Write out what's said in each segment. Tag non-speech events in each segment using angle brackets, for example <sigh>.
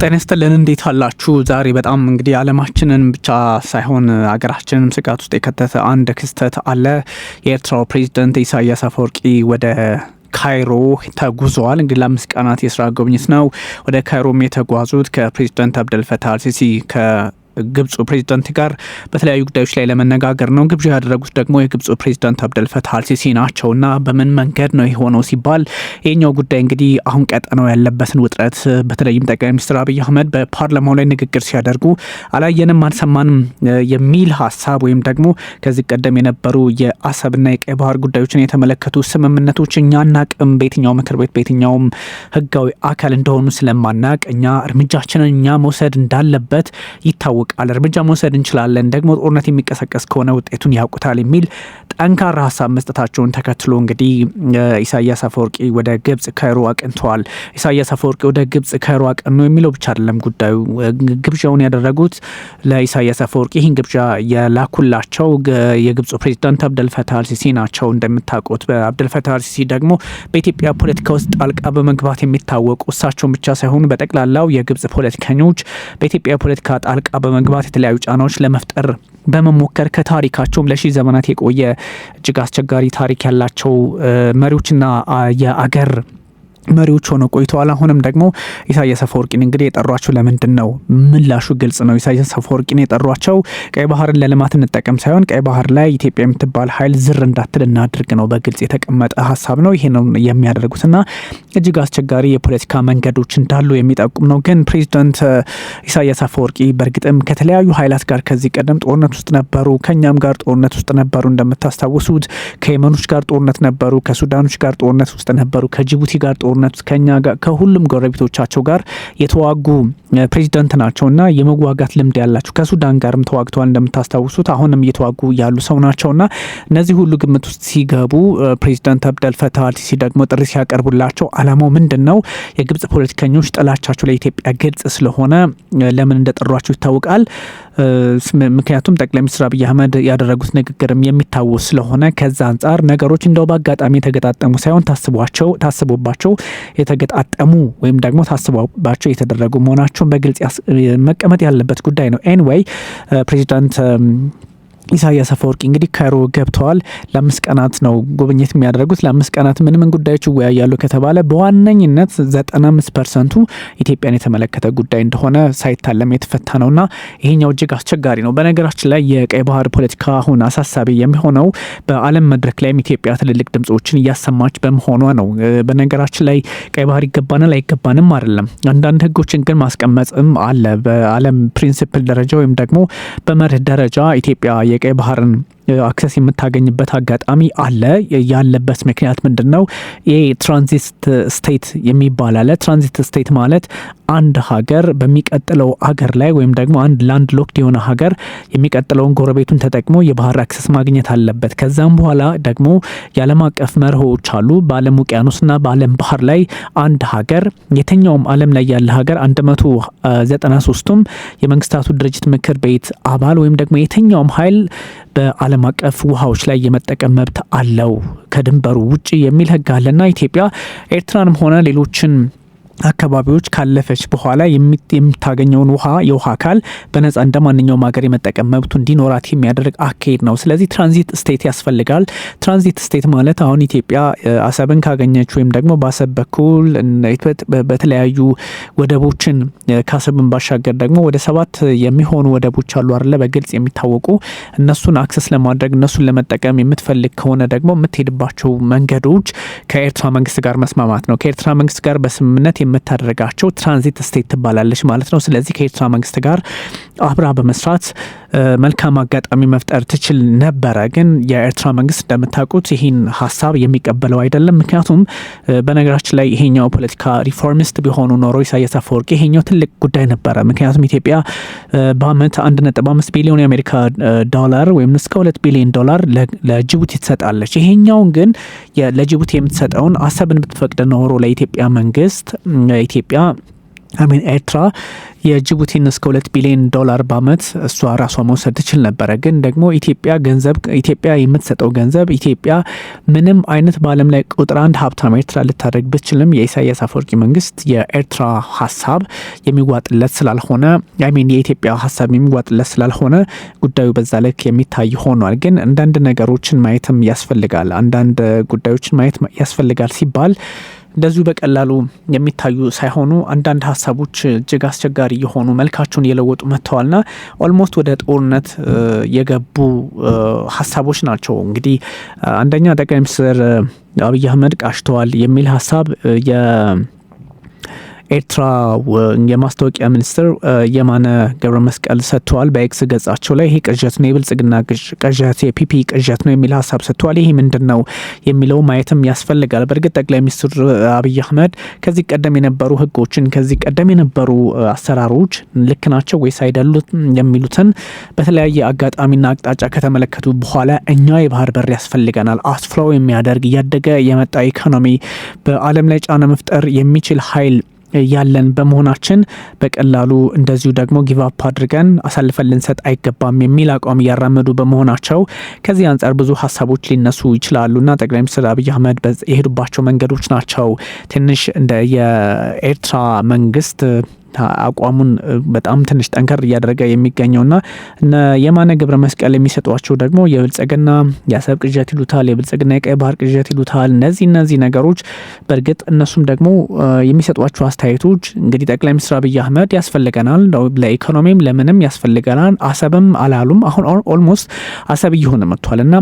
ጤና ይስጥልን እንዴት አላችሁ? ዛሬ በጣም እንግዲህ ዓለማችንን ብቻ ሳይሆን አገራችንም ስጋት ውስጥ የከተተ አንድ ክስተት አለ። የኤርትራው ፕሬዚደንት ኢሳያስ አፈወርቂ ወደ ካይሮ ተጉዘዋል። እንግዲህ ለአምስት ቀናት የስራ ጉብኝት ነው ወደ ካይሮም የተጓዙት ከፕሬዚደንት አብደልፈታ አልሲሲ ግብፁ ፕሬዚዳንት ጋር በተለያዩ ጉዳዮች ላይ ለመነጋገር ነው። ግብዣ ያደረጉት ደግሞ የግብፁ ፕሬዚዳንት አብደልፈታ አልሲሲ እና በምን መንገድ ነው የሆነው ሲባል ይህኛው ጉዳይ እንግዲህ አሁን ቀጠናው ያለበትን ውጥረት በተለይም ጠቅላይ ሚኒስትር አብይ አህመድ በፓርላማው ላይ ንግግር ሲያደርጉ አላየንም፣ አልሰማንም የሚል ሀሳብ ወይም ደግሞ ከዚህ ቀደም የነበሩ የአሰብና የቀይ ባህር ጉዳዮችን የተመለከቱ ስምምነቶች እኛና ቅም በየትኛው ምክር ቤት በየትኛውም ህጋዊ አካል እንደሆኑ ስለማናቅ እኛ እርምጃችንን እኛ መውሰድ እንዳለበት ይታወቃል ያውቃል፣ እርምጃ መውሰድ እንችላለን፣ ደግሞ ጦርነት የሚቀሰቀስ ከሆነ ውጤቱን ያውቁታል የሚል ጠንካራ ሀሳብ መስጠታቸውን ተከትሎ እንግዲህ ኢሳያስ አፈወርቂ ወደ ግብጽ ካይሮ አቅንተዋል። ኢሳያስ አፈወርቂ ወደ ግብጽ ካይሮ አቅኑ የሚለው ብቻ አይደለም ጉዳዩ። ግብዣውን ያደረጉት ለኢሳያስ አፈወርቂ ይህን ግብዣ የላኩላቸው የግብፁ ፕሬዚዳንት አብደልፈታ አልሲሲ ናቸው። እንደምታውቁት አብደልፈታህ አልሲሲ ደግሞ በኢትዮጵያ ፖለቲካ ውስጥ ጣልቃ በመግባት የሚታወቁ እሳቸውን ብቻ ሳይሆኑ በጠቅላላው የግብጽ ፖለቲከኞች በኢትዮጵያ ፖለቲካ ጣልቃ በመግባት የተለያዩ ጫናዎች ለመፍጠር በመሞከር ከታሪካቸውም ለሺህ ዘመናት የቆየ እጅግ አስቸጋሪ ታሪክ ያላቸው መሪዎችና የአገር መሪዎች ሆነው ቆይተዋል። አሁንም ደግሞ ኢሳያስ አፈወርቂን እንግዲህ የጠሯቸው ለምንድን ነው? ምላሹ ግልጽ ነው። ኢሳያስ አፈወርቂን የጠሯቸው ቀይ ባህርን ለልማት እንጠቀም ሳይሆን ቀይ ባህር ላይ ኢትዮጵያ የምትባል ኃይል ዝር እንዳትል እናድርግ ነው። በግልጽ የተቀመጠ ሀሳብ ነው። ይሄ ነው የሚያደርጉትና እጅግ አስቸጋሪ የፖለቲካ መንገዶች እንዳሉ የሚጠቁም ነው። ግን ፕሬዚደንት ኢሳያስ አፈወርቂ በእርግጥም ከተለያዩ ኃይላት ጋር ከዚህ ቀደም ጦርነት ውስጥ ነበሩ። ከእኛም ጋር ጦርነት ውስጥ ነበሩ። እንደምታስታውሱት ከየመኖች ጋር ጦርነት ነበሩ። ከሱዳኖች ጋር ጦርነት ውስጥ ነበሩ። ከጅቡቲ ጋር ጦርነት ጦርነት ከኛ ጋር ከሁሉም ጎረቤቶቻቸው ጋር የተዋጉ ፕሬዚደንት ናቸውና የመዋጋት ልምድ ያላቸው ከሱዳን ጋርም ተዋግተዋል እንደምታስታውሱት አሁንም እየተዋጉ ያሉ ሰው ናቸውና እነዚህ ሁሉ ግምት ውስጥ ሲገቡ ፕሬዚደንት ፈታ አልሲሲ ደግሞ ጥሪ ሲያቀርቡላቸው አላማው ምንድን ነው? የግብጽ ፖለቲከኞች ጥላቻቸው ለኢትዮጵያ ግልጽ ስለሆነ ለምን እንደጠሯቸው ይታወቃል። ምክንያቱም ጠቅላይ ሚኒስትር አብይ አህመድ ያደረጉት ንግግርም የሚታወስ ስለሆነ ከዛ አንጻር ነገሮች እንደው በአጋጣሚ የተገጣጠሙ ሳይሆን ታስቧቸው ታስቦባቸው የተገጣጠሙ ወይም ደግሞ ታስበባቸው የተደረጉ መሆናቸውን በግልጽ መቀመጥ ያለበት ጉዳይ ነው። ኤኒዌይ ፕሬዚዳንት ኢሳያስ አፈወርቂ እንግዲህ ካይሮ ገብተዋል። ለአምስት ቀናት ነው ጉብኝት የሚያደርጉት። ለአምስት ቀናት ምን ምን ጉዳዮች ይወያያሉ ከተባለ በዋነኝነት ዘጠና አምስት ፐርሰንቱ ኢትዮጵያን የተመለከተ ጉዳይ እንደሆነ ሳይታለም የተፈታ ነውና ይሄኛው እጅግ አስቸጋሪ ነው። በነገራችን ላይ የቀይ ባህር ፖለቲካ አሁን አሳሳቢ የሚሆነው በዓለም መድረክ ላይም ኢትዮጵያ ትልልቅ ድምጾችን እያሰማች በመሆኗ ነው። በነገራችን ላይ ቀይ ባህር ይገባናል አይገባንም አይደለም። አንዳንድ ህጎችን ግን ማስቀመጥም አለ በዓለም ፕሪንሲፕል ደረጃ ወይም ደግሞ በመርህ ደረጃ ኢትዮጵያ एक भारन አክሰስ የምታገኝበት አጋጣሚ አለ። ያለበት ምክንያት ምንድን ነው? ይሄ ትራንዚት ስቴት የሚባል አለ። ትራንዚት ስቴት ማለት አንድ ሀገር በሚቀጥለው ሀገር ላይ ወይም ደግሞ አንድ ላንድ ሎክድ የሆነ ሀገር የሚቀጥለውን ጎረቤቱን ተጠቅሞ የባህር አክሰስ ማግኘት አለበት። ከዛም በኋላ ደግሞ የዓለም አቀፍ መርሆዎች አሉ። በዓለም ውቅያኖስና በዓለም ባህር ላይ አንድ ሀገር የትኛውም ዓለም ላይ ያለ ሀገር 193ቱም የመንግስታቱ ድርጅት ምክር ቤት አባል ወይም ደግሞ የትኛውም ኃይል በዓለም አቀፍ ውሃዎች ላይ የመጠቀም መብት አለው። ከድንበሩ ውጭ የሚል ህግ አለና ኢትዮጵያ ኤርትራንም ሆነ ሌሎችን አካባቢዎች ካለፈች በኋላ የምታገኘውን ውሃ የውሃ አካል በነጻ እንደ ማንኛውም ሀገር የመጠቀም መብቱ እንዲኖራት የሚያደርግ አካሄድ ነው። ስለዚህ ትራንዚት ስቴት ያስፈልጋል። ትራንዚት ስቴት ማለት አሁን ኢትዮጵያ አሰብን ካገኘች ወይም ደግሞ በአሰብ በኩል በተለያዩ ወደቦችን ከአሰብን ባሻገር ደግሞ ወደ ሰባት የሚሆኑ ወደቦች አሉ አለ በግልጽ የሚታወቁ እነሱን አክሰስ ለማድረግ እነሱን ለመጠቀም የምትፈልግ ከሆነ ደግሞ የምትሄድባቸው መንገዶች ከኤርትራ መንግስት ጋር መስማማት ነው። ከኤርትራ መንግስት ጋር በስምምነት የምታደርጋቸው ትራንዚት ስቴት ትባላለች ማለት ነው። ስለዚህ ከኤርትራ መንግስት ጋር አብራ በመስራት መልካም አጋጣሚ መፍጠር ትችል ነበረ። ግን የኤርትራ መንግስት እንደምታውቁት ይህን ሀሳብ የሚቀበለው አይደለም። ምክንያቱም በነገራችን ላይ ይሄኛው ፖለቲካ ሪፎርሚስት ቢሆኑ ኖሮ ኢሳያስ አፈወርቂ ይሄኛው ትልቅ ጉዳይ ነበረ። ምክንያቱም ኢትዮጵያ በአመት አንድ ነጥብ አምስት ቢሊዮን የአሜሪካ ዶላር ወይም እስከ ሁለት ቢሊዮን ዶላር ለጅቡቲ ትሰጣለች። ይሄኛውን ግን ለጅቡቲ የምትሰጠውን አሰብን ብትፈቅድ ኖሮ ለኢትዮጵያ መንግስት ኢትዮጵያ አሚን ኤርትራ የጅቡቲን እስከ ሁለት ቢሊዮን ዶላር በዓመት እሷ ራሷ መውሰድ ትችል ነበረ። ግን ደግሞ ኢትዮጵያ ገንዘብ ኢትዮጵያ የምትሰጠው ገንዘብ ኢትዮጵያ ምንም አይነት በዓለም ላይ ቁጥር አንድ ሀብታም ኤርትራ ልታደርግ ብትችልም የኢሳያስ አፈወርቂ መንግስት የኤርትራ ሀሳብ የሚዋጥለት ስላልሆነ ሚን የኢትዮጵያ ሀሳብ የሚዋጥለት ስላልሆነ ጉዳዩ በዛ ልክ የሚታይ ሆኗል። ግን አንዳንድ ነገሮችን ማየትም ያስፈልጋል። አንዳንድ ጉዳዮችን ማየት ያስፈልጋል ሲባል እንደዚሁ በቀላሉ የሚታዩ ሳይሆኑ አንዳንድ ሀሳቦች እጅግ አስቸጋሪ የሆኑ መልካቸውን የለወጡ ና ኦልሞስት ወደ ጦርነት የገቡ ሀሳቦች ናቸው። እንግዲህ አንደኛ ጠቅላይ ሚኒስትር አብይ አህመድ ቃሽተዋል የሚል ሀሳብ ኤርትራ የማስታወቂያ ሚኒስትር የማነ ገብረ መስቀል ሰጥተዋል። በኤክስ ገጻቸው ላይ ይሄ ቅዠት ነው፣ የብልጽግና ቅዠት፣ የፒፒ ቅዠት ነው የሚል ሀሳብ ሰጥተዋል። ይህ ምንድን ነው የሚለው ማየትም ያስፈልጋል። በእርግጥ ጠቅላይ ሚኒስትር አብይ አህመድ ከዚህ ቀደም የነበሩ ህጎችን ከዚህ ቀደም የነበሩ አሰራሮች ልክ ናቸው ወይስ አይደሉት የሚሉትን በተለያየ አጋጣሚና አቅጣጫ ከተመለከቱ በኋላ እኛ የባህር በር ያስፈልገናል፣ አስፍራው የሚያደርግ እያደገ የመጣ ኢኮኖሚ፣ በዓለም ላይ ጫና መፍጠር የሚችል ኃይል ያለን በመሆናችን በቀላሉ እንደዚሁ ደግሞ ጊቫፕ አድርገን አሳልፈን ልንሰጥ አይገባም የሚል አቋም እያራመዱ በመሆናቸው ከዚህ አንጻር ብዙ ሀሳቦች ሊነሱ ይችላሉና ጠቅላይ ሚኒስትር አብይ አህመድ የሄዱባቸው መንገዶች ናቸው ትንሽ እንደ የኤርትራ መንግስት አቋሙን በጣም ትንሽ ጠንከር እያደረገ የሚገኘው ና የማነ ግብረ መስቀል የሚሰጧቸው ደግሞ የብልጽግና የአሰብ ቅዠት ይሉታል፣ የብልጽግና የቀይ ባህር ቅዠት ይሉታል። እነዚህ እነዚህ ነገሮች በእርግጥ እነሱም ደግሞ የሚሰጧቸው አስተያየቶች እንግዲህ ጠቅላይ ሚኒስትር አብይ አህመድ ያስፈልገናል፣ ለኢኮኖሚም ለምንም ያስፈልገናል፣ አሰብም አላሉም። አሁን ኦልሞስት አሰብ እየሆነ መጥቷል እና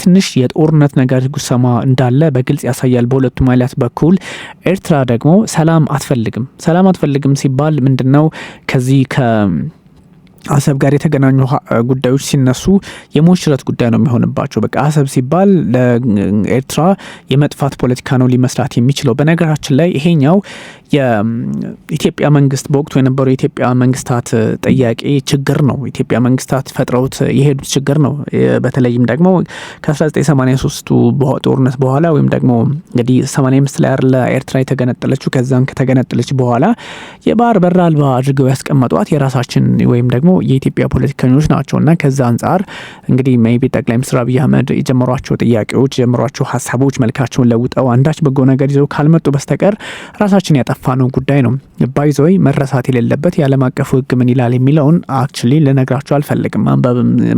ትንሽ የጦርነት ነገር ጉሰማ እንዳለ በግልጽ ያሳያል በሁለቱም ኃይላት በኩል። ኤርትራ ደግሞ ሰላም አትፈልግም። ሰላም አትፈልግም ሲባል ምንድን ነው ከዚህ አሰብ ጋር የተገናኙ ጉዳዮች ሲነሱ የሞሽረት ጉዳይ ነው የሚሆንባቸው። በቃ አሰብ ሲባል ለኤርትራ የመጥፋት ፖለቲካ ነው ሊመስላት የሚችለው። በነገራችን ላይ ይሄኛው የኢትዮጵያ መንግስት በወቅቱ የነበሩ የኢትዮጵያ መንግስታት ጥያቄ ችግር ነው። ኢትዮጵያ መንግስታት ፈጥረውት የሄዱት ችግር ነው። በተለይም ደግሞ ከ1983ቱ ጦርነት በኋላ ወይም ደግሞ እንግዲህ 85 ላይ ያለ ኤርትራ የተገነጠለችው ከዛም ከተገነጠለች በኋላ የባህር በር አልባ አድርገው ያስቀመጧት የራሳችን ወይም ደግሞ የኢትዮጵያ ፖለቲከኞች ናቸው እና ከዛ አንጻር እንግዲህ ሜይቢ ጠቅላይ ሚኒስትር አብይ አህመድ የጀመሯቸው ጥያቄዎች የጀመሯቸው ሀሳቦች መልካቸውን ለውጠው አንዳች በጎ ነገር ይዘው ካልመጡ በስተቀር ራሳችን ያጠፋ ነው ጉዳይ ነው ባይዘወይ መረሳት የሌለበት የዓለም አቀፉ ህግ ምን ይላል የሚለውን አክቹሊ ልነግራችሁ አልፈልግም።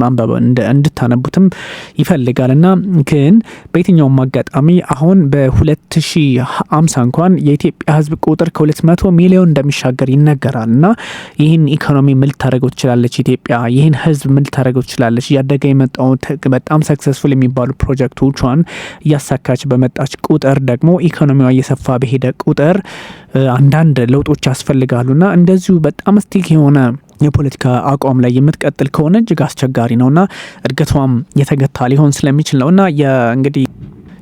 ማንበብ እንድታነቡትም ይፈልጋል እና ግን በየትኛውም አጋጣሚ አሁን በ2050 እንኳን የኢትዮጵያ ህዝብ ቁጥር ከ200 ሚሊዮን እንደሚሻገር ይነገራል እና ይህን ኢኮኖሚ ምን ትችላለች ኢትዮጵያ? ይህን ህዝብ ምን ልታደረገው ትችላለች? እያደገ የመጣውን በጣም ሰክሰስፉል የሚባሉ ፕሮጀክቶቿን እያሳካች በመጣች ቁጥር ደግሞ ኢኮኖሚዋ እየሰፋ በሄደ ቁጥር አንዳንድ ለውጦች ያስፈልጋሉና እንደዚሁ በጣም ስቲክ የሆነ የፖለቲካ አቋም ላይ የምትቀጥል ከሆነ እጅግ አስቸጋሪ ነውና እድገቷም የተገታ ሊሆን ስለሚችል ነውና እንግዲህ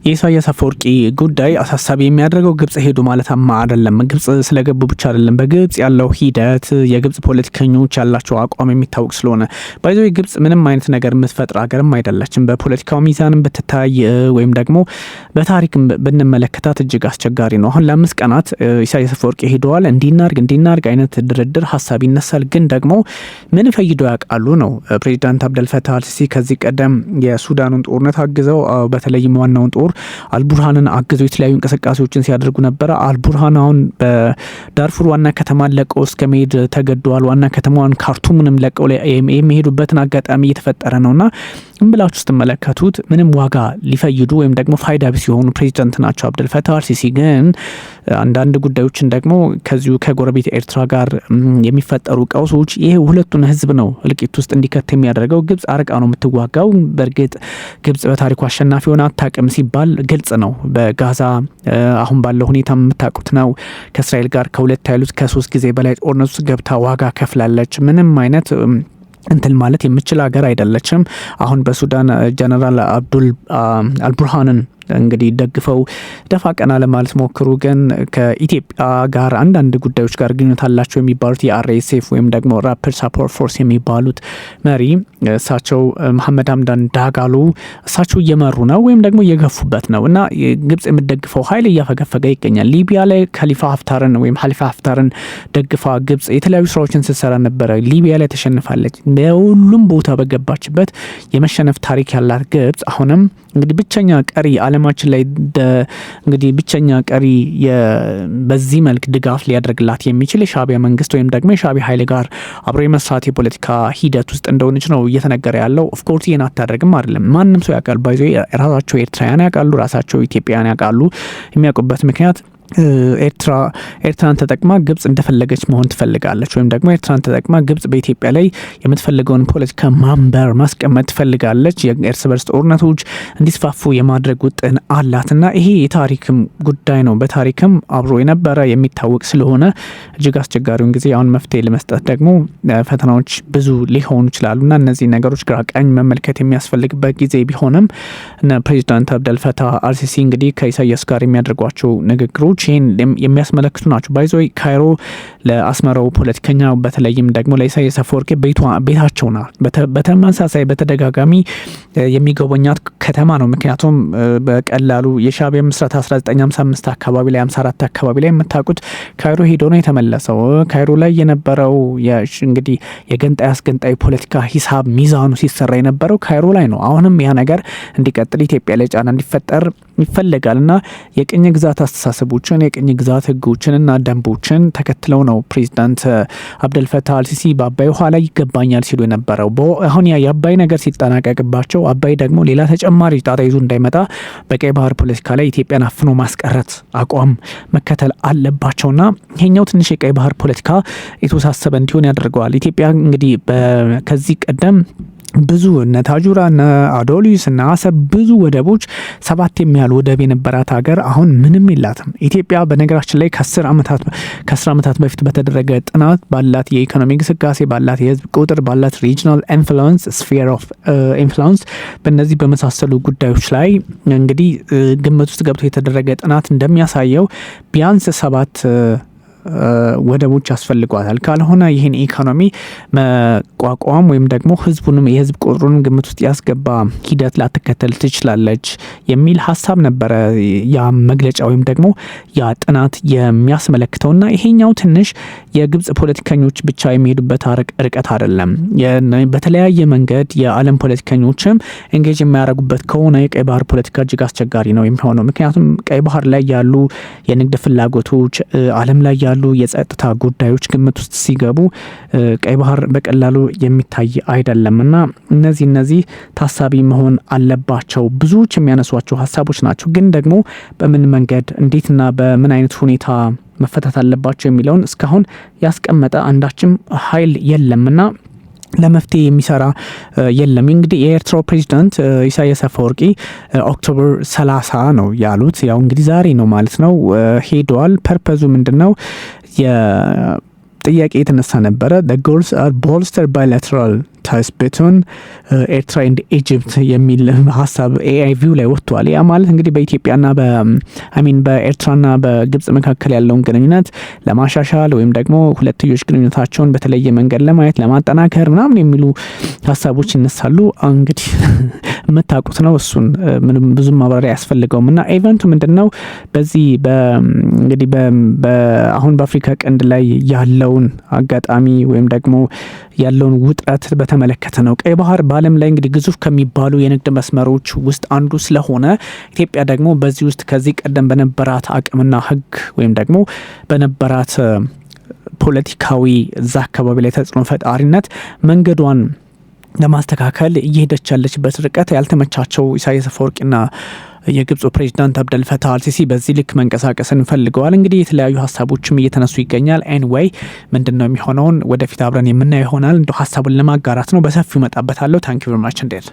የኢሳያስ አፈወርቂ ጉዳይ አሳሳቢ የሚያደርገው ግብጽ ሄዱ ማለት አማ አይደለም። ግብጽ ስለገቡ ብቻ አይደለም። በግብጽ ያለው ሂደት የግብጽ ፖለቲከኞች ያላቸው አቋም የሚታወቅ ስለሆነ ባይዞ ግብጽ ምንም አይነት ነገር የምትፈጥር ሀገርም አይደለችም። በፖለቲካው ሚዛንም ብትታይ ወይም ደግሞ በታሪክ ብንመለከታት እጅግ አስቸጋሪ ነው። አሁን ለአምስት ቀናት ኢሳያስ አፈወርቂ ሄደዋል። እንዲናርግ እንዲናርግ አይነት ድርድር ሀሳብ ይነሳል። ግን ደግሞ ምን ፈይዶ ያውቃሉ ነው። ፕሬዚዳንት አብደልፈታህ አልሲሲ ከዚህ ቀደም የሱዳኑን ጦርነት አግዘው በተለይም ዋናውን ጦር ጦር አልቡርሃንን አግዘው የተለያዩ እንቅስቃሴዎችን ሲያደርጉ ነበረ። አልቡርሃን አሁን በዳርፉር ዋና ከተማን ለቀው እስከ መሄድ ተገደዋል። ዋና ከተማዋን ካርቱምንም ለቀው የሚሄዱበትን አጋጣሚ እየተፈጠረ ነውና ብላችሁ ስትመለከቱት ምንም ዋጋ ሊፈይዱ ወይም ደግሞ ፋይዳ ቢስ የሆኑ ፕሬዚደንት ናቸው። አብደልፈታ አልሲሲ ግን አንዳንድ ጉዳዮችን ደግሞ ከዚሁ ከጎረቤት ኤርትራ ጋር የሚፈጠሩ ቀውሶች ይሄ ሁለቱን ህዝብ ነው እልቂት ውስጥ እንዲከት የሚያደርገው። ግብጽ አርቃ ነው የምትዋጋው። በእርግጥ ግብጽ በታሪኩ አሸናፊ ሆነ አታቅም ሲባል ግልጽ ነው። በጋዛ አሁን ባለው ሁኔታ የምታውቁት ነው። ከእስራኤል ጋር ከሁለት ያሉት ከሶስት ጊዜ በላይ ጦርነቱ ገብታ ዋጋ ከፍላለች። ምንም አይነት እንትን ማለት የምችል ሀገር አይደለችም። አሁን በሱዳን ጀነራል አብዱል አልቡርሃንን እንግዲህ ደግፈው ደፋ ቀና ለማለት ሞክሩ። ግን ከኢትዮጵያ ጋር አንዳንድ ጉዳዮች ጋር ግንኙነት አላቸው የሚባሉት የአርኤስኤፍ ወይም ደግሞ ራፕድ ሳፖርት ፎርስ የሚባሉት መሪ እሳቸው መሐመድ አምዳን ዳጋሉ እሳቸው እየመሩ ነው ወይም ደግሞ እየገፉበት ነው እና ግብጽ የምደግፈው ኃይል እያፈገፈገ ይገኛል። ሊቢያ ላይ ከሊፋ ሀፍታርን ወይም ሀሊፋ ሀፍታርን ደግፋ ግብጽ የተለያዩ ስራዎችን ስትሰራ ነበረ። ሊቢያ ላይ ተሸንፋለች። በሁሉም ቦታ በገባችበት የመሸነፍ ታሪክ ያላት ግብጽ አሁንም እንግዲህ ብቸኛ ቀሪ አለም በዓለማችን ላይ እንግዲህ ብቸኛ ቀሪ በዚህ መልክ ድጋፍ ሊያደርግላት የሚችል የሻቢያ መንግስት ወይም ደግሞ የሻቢያ ኃይል ጋር አብሮ የመስራት የፖለቲካ ሂደት ውስጥ እንደሆነች ነው እየተነገረ ያለው። ኦፍኮርስ ይህን አታደርግም አይደለም፣ ማንም ሰው ያውቃል። ባይዞ ራሳቸው ኤርትራውያን ያውቃሉ፣ ራሳቸው ኢትዮጵያውያን ያውቃሉ። የሚያውቁበት ምክንያት ኤርትራ ኤርትራን ተጠቅማ ግብጽ እንደፈለገች መሆን ትፈልጋለች ወይም ደግሞ ኤርትራን ተጠቅማ ግብጽ በኢትዮጵያ ላይ የምትፈልገውን ፖለቲካ ማንበር ማስቀመጥ ትፈልጋለች። የእርስ በርስ ጦርነቶች እንዲስፋፉ የማድረግ ውጥን አላትና ይሄ የታሪክም ጉዳይ ነው። በታሪክም አብሮ የነበረ የሚታወቅ ስለሆነ እጅግ አስቸጋሪውን ጊዜ አሁን መፍትሄ ለመስጠት ደግሞ ፈተናዎች ብዙ ሊሆኑ ይችላሉና እነዚህ ነገሮች ግራ ቀኝ መመልከት የሚያስፈልግበት ጊዜ ቢሆንም ፕሬዚዳንት አብደልፈታህ አልሲሲ እንግዲህ ከኢሳያስ ጋር የሚያደርጓቸው ንግግሮች ነገሮች ይህን የሚያስመለክቱ ናቸው። ባይዘ ካይሮ ለአስመራው ፖለቲከኛ በተለይም ደግሞ ለኢሳያስ አፈወርቂ ቤታቸው ናት። በተመሳሳይ በተደጋጋሚ የሚጎበኛት ከተማ ነው። ምክንያቱም በቀላሉ የሻዕቢያ ምስረት 1955 አካባቢ ላይ 54 አካባቢ ላይ የምታውቁት ካይሮ ሄዶ ነው የተመለሰው። ካይሮ ላይ የነበረው እንግዲህ የገንጣይ አስገንጣይ ፖለቲካ ሂሳብ ሚዛኑ ሲሰራ የነበረው ካይሮ ላይ ነው። አሁንም ያ ነገር እንዲቀጥል ኢትዮጵያ ላይ ጫና እንዲፈጠር ይፈለጋል እና የቅኝ ግዛት አስተሳሰቦች የሀገራቸውን የቅኝ ግዛት ህጎችንና ደንቦችን ተከትለው ነው ፕሬዚዳንት አብደልፈታህ አልሲሲ በአባይ ውሃ ላይ ይገባኛል ሲሉ የነበረው። አሁን ያ የአባይ ነገር ሲጠናቀቅባቸው አባይ ደግሞ ሌላ ተጨማሪ ጣጣ ይዞ እንዳይመጣ በቀይ ባህር ፖለቲካ ላይ ኢትዮጵያን አፍኖ ማስቀረት አቋም መከተል አለባቸውና ይሄኛው ትንሽ የቀይ ባህር ፖለቲካ የተወሳሰበ እንዲሆን ያደርገዋል። ኢትዮጵያ እንግዲህ ከዚህ ቀደም ብዙ እነ ታጁራ እነ አዶሊስ እነ አሰብ ብዙ ወደቦች ሰባት የሚያህል ወደብ የነበራት ሀገር አሁን ምንም የላትም። ኢትዮጵያ በነገራችን ላይ ከአስር ዓመታት በፊት በተደረገ ጥናት ባላት የኢኮኖሚ እንቅስቃሴ ባላት የህዝብ ቁጥር ባላት ሪጅናል ኢንፍሉዌንስ ስፌር ኦፍ ኢንፍሉዌንስ በእነዚህ በመሳሰሉ ጉዳዮች ላይ እንግዲህ ግምት ውስጥ ገብቶ የተደረገ ጥናት እንደሚያሳየው ቢያንስ ሰባት ወደቦች ያስፈልጓታል። ካልሆነ ይህን ኢኮኖሚ መቋቋም ወይም ደግሞ ህዝቡንም የህዝብ ቁጥሩን ግምት ውስጥ ያስገባ ሂደት ላትከተል ትችላለች የሚል ሀሳብ ነበረ ያ መግለጫ ወይም ደግሞ ያ ጥናት እና ይሄኛው ትንሽ የግብጽ ፖለቲከኞች ብቻ የሚሄዱበት ርቀት አይደለም። በተለያየ መንገድ የዓለም ፖለቲከኞችም እንጌጅ የሚያደርጉበት ከሆነ የቀይ ባህር ፖለቲካ እጅግ አስቸጋሪ ነው የሚሆነው። ምክንያቱም ቀይ ባህር ላይ ያሉ የንግድ ፍላጎቶች ዓለም ላይ ያሉ ያሉ የጸጥታ ጉዳዮች ግምት ውስጥ ሲገቡ ቀይ ባህር በቀላሉ የሚታይ አይደለም እና እነዚህ እነዚህ ታሳቢ መሆን አለባቸው። ብዙዎች የሚያነሷቸው ሀሳቦች ናቸው። ግን ደግሞ በምን መንገድ እንዴትና በምን አይነት ሁኔታ መፈታት አለባቸው የሚለውን እስካሁን ያስቀመጠ አንዳችም ኃይል የለምና ለመፍትሄ የሚሰራ የለም። እንግዲህ የኤርትራው ፕሬዚዳንት ኢሳያስ አፈወርቂ ኦክቶበር 30 ነው ያሉት። ያው እንግዲህ ዛሬ ነው ማለት ነው ሄደዋል። ፐርፐዙ ምንድን ነው? ጥያቄ የተነሳ ነበረ ጎልስ አር ቦልስተር ባይላትራል ፓራታይስ ቤትን ኤርትራ ኤንድ ኢጅፕት የሚል ሀሳብ ኤአይ ቪው ላይ ወጥቷል። ያ ማለት እንግዲህ በኢትዮጵያና በአይሚን um, በኤርትራና በግብጽ መካከል ያለውን ግንኙነት ለማሻሻል ወይም ደግሞ ሁለትዮሽ ግንኙነታቸውን በተለየ መንገድ ለማየት ለማጠናከር ምናምን የሚሉ ሀሳቦች ይነሳሉ። እንግዲህ <laughs> የምታውቁት ነው። እሱን uh, ምንም ብዙ ማብራሪያ አያስፈልገውም። እና ኢቨንቱ ምንድን ነው? በዚህ um, እንግዲህ አሁን በአፍሪካ ቀንድ ላይ ያለውን አጋጣሚ ወይም ደግሞ ያለውን ውጥረት በተ የተመለከተ ነው። ቀይ ባህር በዓለም ላይ እንግዲህ ግዙፍ ከሚባሉ የንግድ መስመሮች ውስጥ አንዱ ስለሆነ ኢትዮጵያ ደግሞ በዚህ ውስጥ ከዚህ ቀደም በነበራት አቅምና ሕግ ወይም ደግሞ በነበራት ፖለቲካዊ እዛ አካባቢ ላይ ተጽዕኖ ፈጣሪነት መንገዷን ለማስተካከል እየሄደች ያለችበት ርቀት ያልተመቻቸው ኢሳያስ አፈወርቂና የግብፁ ፕሬዚዳንት አብደል ፈታህ አልሲሲ በዚህ ልክ መንቀሳቀስን ፈልገዋል። እንግዲህ የተለያዩ ሀሳቦችም እየተነሱ ይገኛል። ኤንዌይ ምንድን ነው የሚሆነውን ወደፊት አብረን የምናየው ይሆናል። እንደ ሀሳቡን ለማጋራት ነው። በሰፊው እመጣበታለሁ። ታንኪ ቨሪ ማች እንዴል